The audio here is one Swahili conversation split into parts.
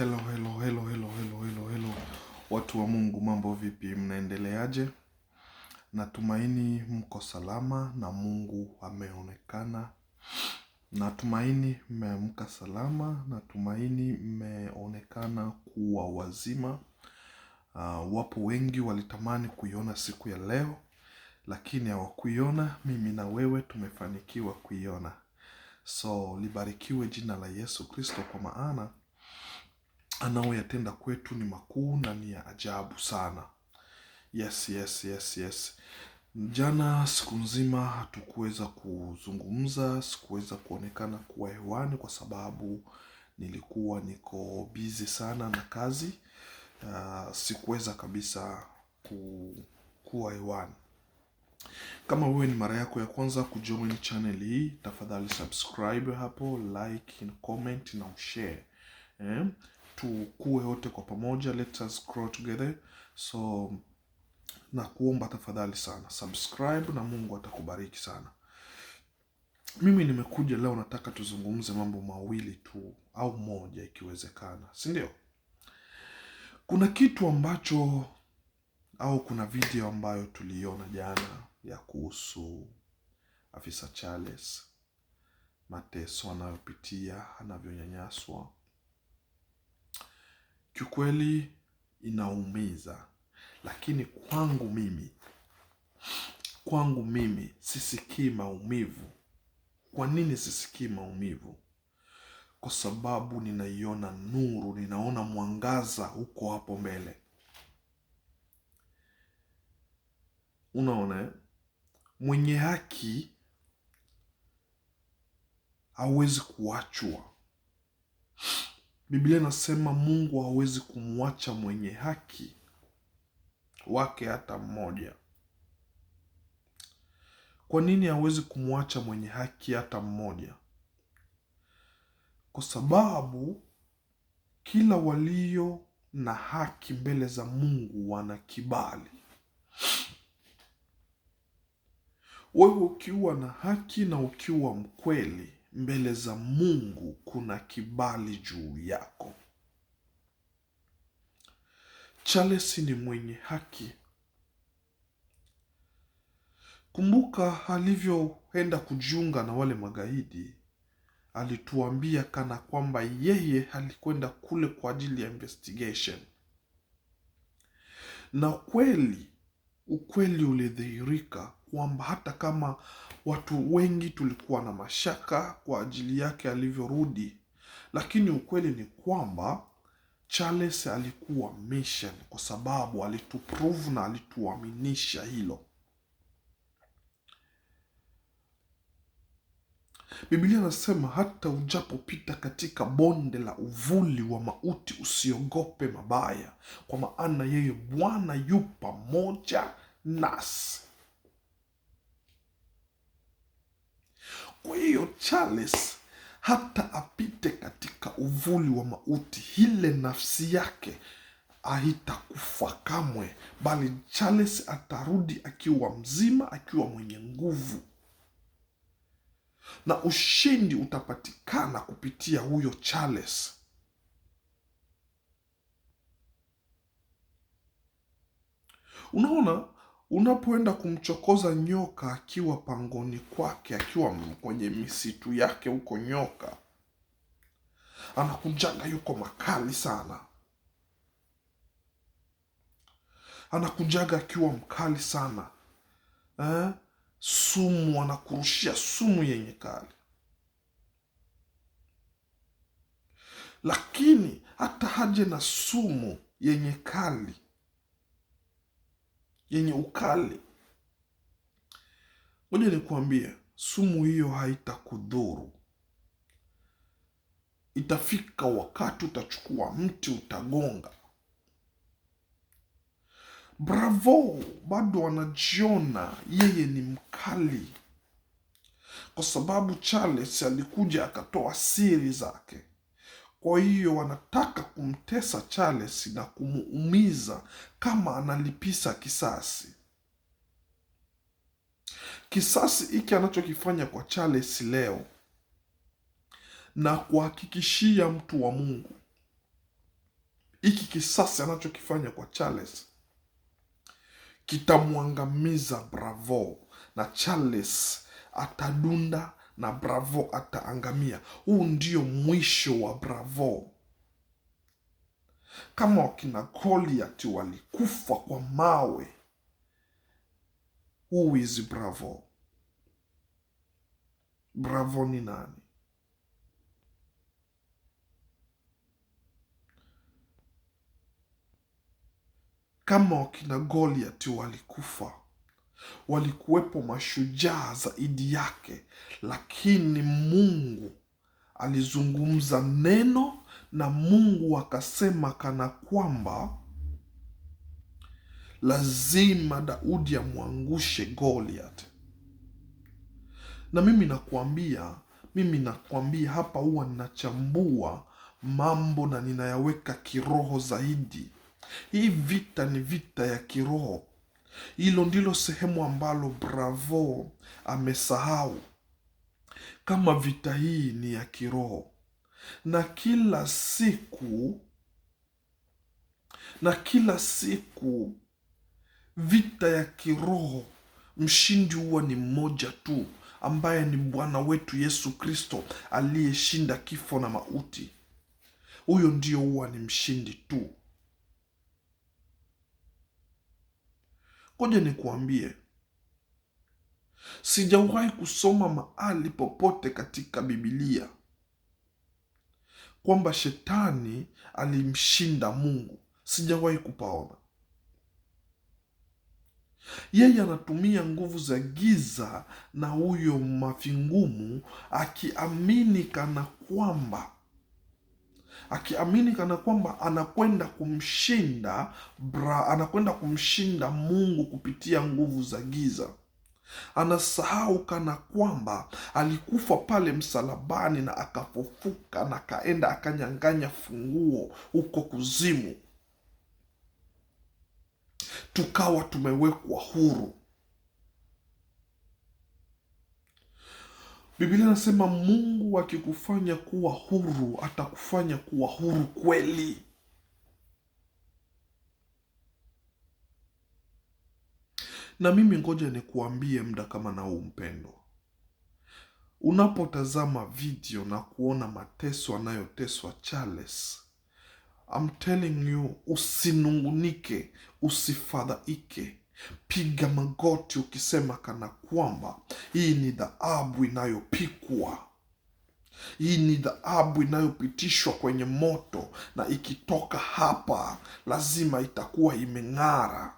Hello, hello, hello, hello, hello, hello, hello. Watu wa Mungu, mambo vipi? Mnaendeleaje? Natumaini mko salama na Mungu ameonekana. Natumaini mmeamka salama, natumaini mmeonekana kuwa wazima. Uh, wapo wengi walitamani kuiona siku ya leo lakini hawakuiona. Mimi na wewe tumefanikiwa kuiona, so libarikiwe jina la Yesu Kristo kwa maana anaoyatenda kwetu ni makuu na ni ya ajabu sana. Yes, yes, yes, yes. Jana siku nzima hatukuweza kuzungumza, sikuweza kuonekana kuwa hewani kwa sababu nilikuwa niko bizi sana na kazi. Uh, sikuweza kabisa ku, kuwa hewani. Kama wewe ni mara yako ya kwanza kujoin channel hii, tafadhali subscribe hapo, like, comment na ushare eh? tukue wote kwa pamoja, let us grow together. So na kuomba tafadhali sana subscribe, na Mungu atakubariki sana. Mimi nimekuja leo, nataka tuzungumze mambo mawili tu au moja ikiwezekana, si ndio? Kuna kitu ambacho au kuna video ambayo tuliiona jana ya kuhusu afisa Charles, mateso anayopitia, anavyonyanyaswa kiukweli inaumiza, lakini kwangu mimi, kwangu mimi sisikii maumivu. Kwa nini sisikii maumivu? Kwa sababu ninaiona nuru, ninaona mwangaza huko hapo mbele. Unaona, mwenye haki hawezi kuachwa. Biblia inasema Mungu hawezi kumwacha mwenye haki wake hata mmoja. Kwa nini hawezi kumwacha mwenye haki hata mmoja? Kwa sababu kila walio na haki mbele za Mungu wana kibali. Wewe ukiwa na haki na ukiwa mkweli mbele za Mungu kuna kibali juu yako. Charles ni mwenye haki. Kumbuka alivyoenda kujiunga na wale magaidi, alituambia kana kwamba yeye alikwenda kule kwa ajili ya investigation, na kweli ukweli ulidhihirika kwamba hata kama watu wengi tulikuwa na mashaka kwa ajili yake alivyorudi, lakini ukweli ni kwamba Charles alikuwa mission, kwa sababu alituprove na alituaminisha hilo. Biblia anasema hata ujapopita katika bonde la uvuli wa mauti usiogope mabaya, kwa maana yeye Bwana yu pamoja nasi. Kwa hiyo Charles hata apite katika uvuli wa mauti, ile nafsi yake haitakufa kamwe, bali Charles atarudi akiwa mzima, akiwa mwenye nguvu na ushindi utapatikana kupitia huyo Charles. Unaona, unapoenda kumchokoza nyoka akiwa pangoni kwake, akiwa kwenye misitu yake huko, nyoka anakujanga, yuko makali sana, anakujaga akiwa mkali sana eh? sumu, wanakurushia sumu yenye kali. Lakini hata haje na sumu yenye kali, yenye ukali, ngoja nikuambie, sumu hiyo haitakudhuru. Itafika wakati utachukua mti utagonga Bravo bado anajiona yeye ni mkali, kwa sababu Charles alikuja akatoa siri zake. Kwa hiyo wanataka kumtesa Charles na kumuumiza kama analipisa kisasi. Kisasi hiki anachokifanya kwa Charles leo na kuhakikishia mtu wa Mungu, hiki kisasi anachokifanya kwa Charles kitamwangamiza Bravo na Charles atadunda na Bravo ataangamia. Huu ndio mwisho wa Bravo. Kama wakina Goliath walikufa kwa mawe, huu hizi Bravo? Bravo ni nani? kama wakina Goliati walikufa, walikuwepo mashujaa zaidi yake, lakini Mungu alizungumza neno na Mungu akasema kana kwamba lazima Daudi amwangushe Goliath. Na mimi nakuambia, mimi nakuambia hapa, huwa ninachambua mambo na ninayaweka kiroho zaidi hii vita ni vita ya kiroho. Hilo ndilo sehemu ambalo Bravo amesahau, kama vita hii ni ya kiroho, na kila siku na kila siku vita ya kiroho, mshindi huwa ni mmoja tu, ambaye ni Bwana wetu Yesu Kristo aliyeshinda kifo na mauti. Huyo ndio huwa ni mshindi tu. Ngoja nikuambie, sijawahi kusoma mahali popote katika Bibilia kwamba shetani alimshinda Mungu. Sijawahi kupaona. Yeye anatumia nguvu za giza na huyo mafingumu, akiamini kana kwamba akiamini kana kwamba anakwenda kumshinda bra, anakwenda kumshinda Mungu kupitia nguvu za giza. Anasahau kana kwamba alikufa pale msalabani na akafufuka na akaenda akanyang'anya funguo huko kuzimu, tukawa tumewekwa huru. Biblia anasema Mungu akikufanya kuwa huru atakufanya kuwa huru kweli. Na mimi ngoja nikuambie mda kama na huu mpendo, unapotazama video na kuona mateso anayoteswa Charles, I'm telling you, usinungunike, usifadhaike Piga magoti ukisema kana kwamba hii ni dhahabu inayopikwa, hii ni dhahabu inayopitishwa kwenye moto, na ikitoka hapa lazima itakuwa imeng'ara.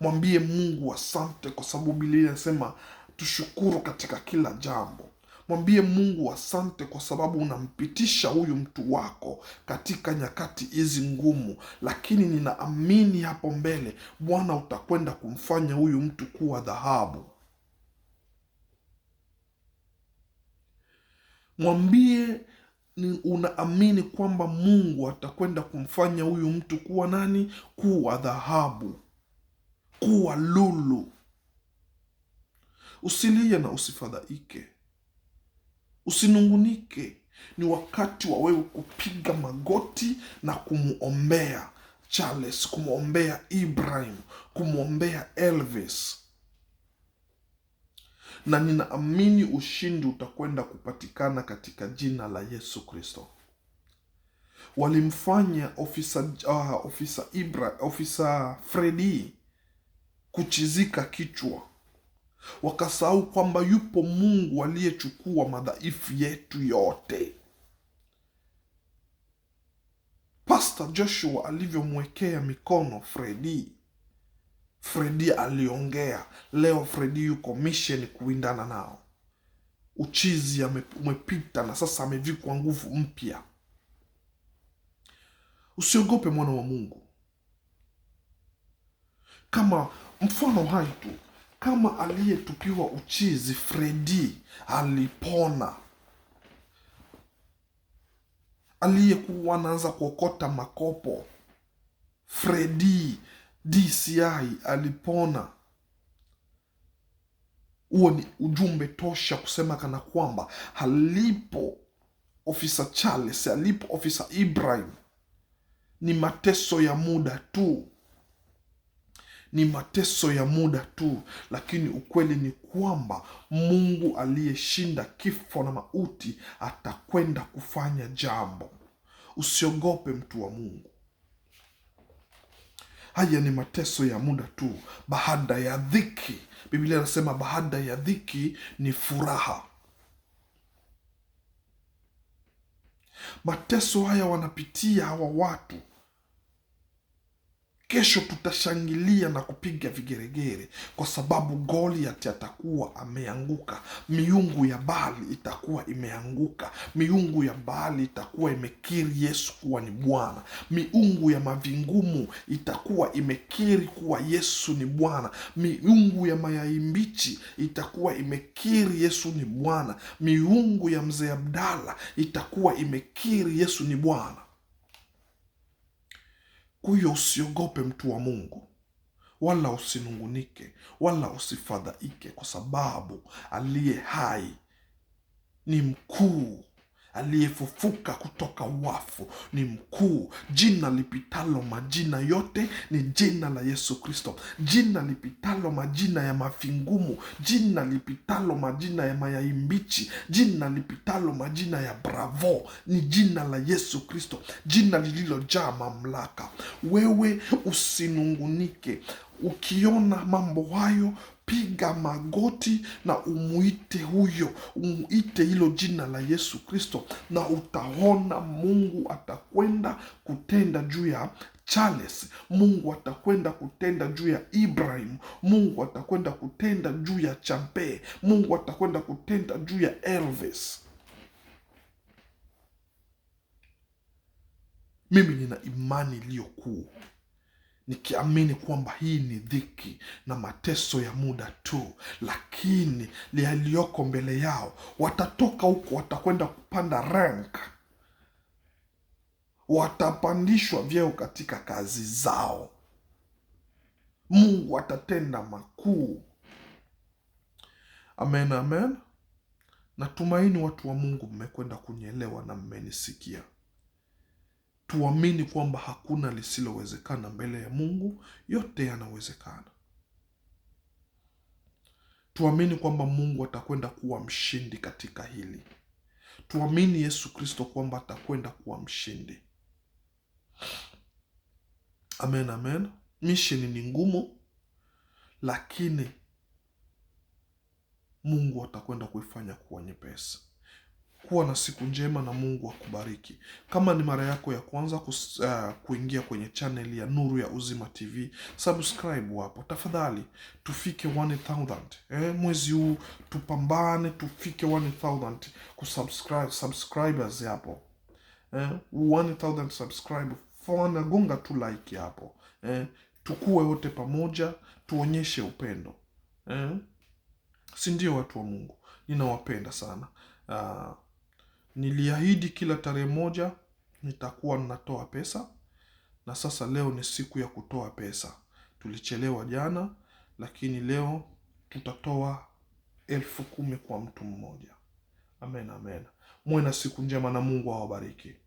Mwambie Mungu asante, kwa sababu Biblia inasema tushukuru katika kila jambo. Mwambie Mungu asante kwa sababu unampitisha huyu mtu wako katika nyakati hizi ngumu, lakini ninaamini hapo mbele Bwana utakwenda kumfanya huyu mtu kuwa dhahabu. Mwambie unaamini kwamba Mungu atakwenda kumfanya huyu mtu kuwa nani? Kuwa dhahabu, kuwa lulu. Usilie na usifadhaike. Usinungunike, ni wakati wa wewe kupiga magoti na kumwombea Charles, kumwombea Ibrahim, kumwombea Elvis, na ninaamini ushindi utakwenda kupatikana katika jina la Yesu Kristo. Walimfanya ofisa uh, ofisa Ibra, ofisa Fredi kuchizika kichwa wakasahau kwamba yupo Mungu aliyechukua madhaifu yetu yote. pasto Joshua alivyomwekea mikono Fredi, Fredi aliongea. Leo Fredi yuko misheni kuindana nao. Uchizi umepita na sasa amevikwa nguvu mpya. Usiogope mwana wa Mungu, kama mfano hai tu kama aliyetupiwa uchizi Fredi alipona, aliyekuwa anaanza kuokota makopo Fredi DCI alipona. Huo ni ujumbe tosha kusema kana kwamba halipo ofisa Charles, alipo ofisa Ibrahim, ni mateso ya muda tu ni mateso ya muda tu, lakini ukweli ni kwamba Mungu aliyeshinda kifo na mauti atakwenda kufanya jambo. Usiogope mtu wa Mungu. Haya ni mateso ya muda tu. Baada ya dhiki, Biblia inasema baada ya dhiki ni furaha. Mateso haya wanapitia hawa watu Kesho tutashangilia na kupiga vigeregere, kwa sababu Goliath atakuwa ameanguka, miungu ya bali itakuwa imeanguka, miungu ya bali itakuwa imekiri Yesu kuwa ni Bwana, miungu ya mavingumu itakuwa imekiri kuwa Yesu ni Bwana, miungu ya mayai mbichi itakuwa imekiri Yesu ni Bwana, miungu ya mzee Abdala itakuwa imekiri Yesu ni Bwana kuyo usiogope mtu wa Mungu, wala usinungunike, wala usifadhaike, kwa sababu aliye hai ni mkuu aliyefufuka kutoka wafu ni mkuu. Jina lipitalo majina yote ni jina la Yesu Kristo, jina lipitalo majina ya mafingumu, jina lipitalo majina ya mayai mbichi, jina lipitalo majina ya bravo ni jina la Yesu Kristo, jina lililojaa mamlaka. Wewe usinungunike. Ukiona mambo hayo, piga magoti na umuite huyo, umuite hilo jina la Yesu Kristo, na utaona Mungu atakwenda kutenda juu ya Charles, Mungu atakwenda kutenda juu ya Ibrahim, Mungu atakwenda kutenda juu ya Champe, Mungu atakwenda kutenda juu ya Elvis. Mimi nina imani iliyokuu nikiamini kwamba hii ni dhiki na mateso ya muda tu, lakini yaliyoko mbele yao, watatoka huko, watakwenda kupanda rank, watapandishwa vyeo katika kazi zao. Mungu atatenda makuu. Amen, amen. Natumaini watu wa Mungu mmekwenda kunielewa na mmenisikia tuamini kwamba hakuna lisilowezekana mbele ya Mungu, yote yanawezekana. Tuamini kwamba Mungu atakwenda kuwa mshindi katika hili. Tuamini Yesu Kristo kwamba atakwenda kuwa mshindi. Amen, amen. Misheni ni ngumu, lakini Mungu atakwenda kuifanya kuwa nyepesi. Kuwa na siku njema na Mungu akubariki. Kama ni mara yako ya kwanza kus, uh, kuingia kwenye channel ya Nuru ya Uzima TV, subscribe hapo tafadhali, tufike 1000 eh, mwezi huu tupambane, tufike 1000 kusubscribe subscribers hapo eh, 1000 subscribe fona, gonga tu like hapo eh, tukue wote pamoja, tuonyeshe upendo eh, si ndio? Watu wa Mungu, ninawapenda sana uh, Niliahidi kila tarehe moja nitakuwa natoa pesa, na sasa leo ni siku ya kutoa pesa. Tulichelewa jana, lakini leo tutatoa elfu kumi kwa mtu mmoja. Amen, amen. Mwe na siku njema na Mungu awabariki.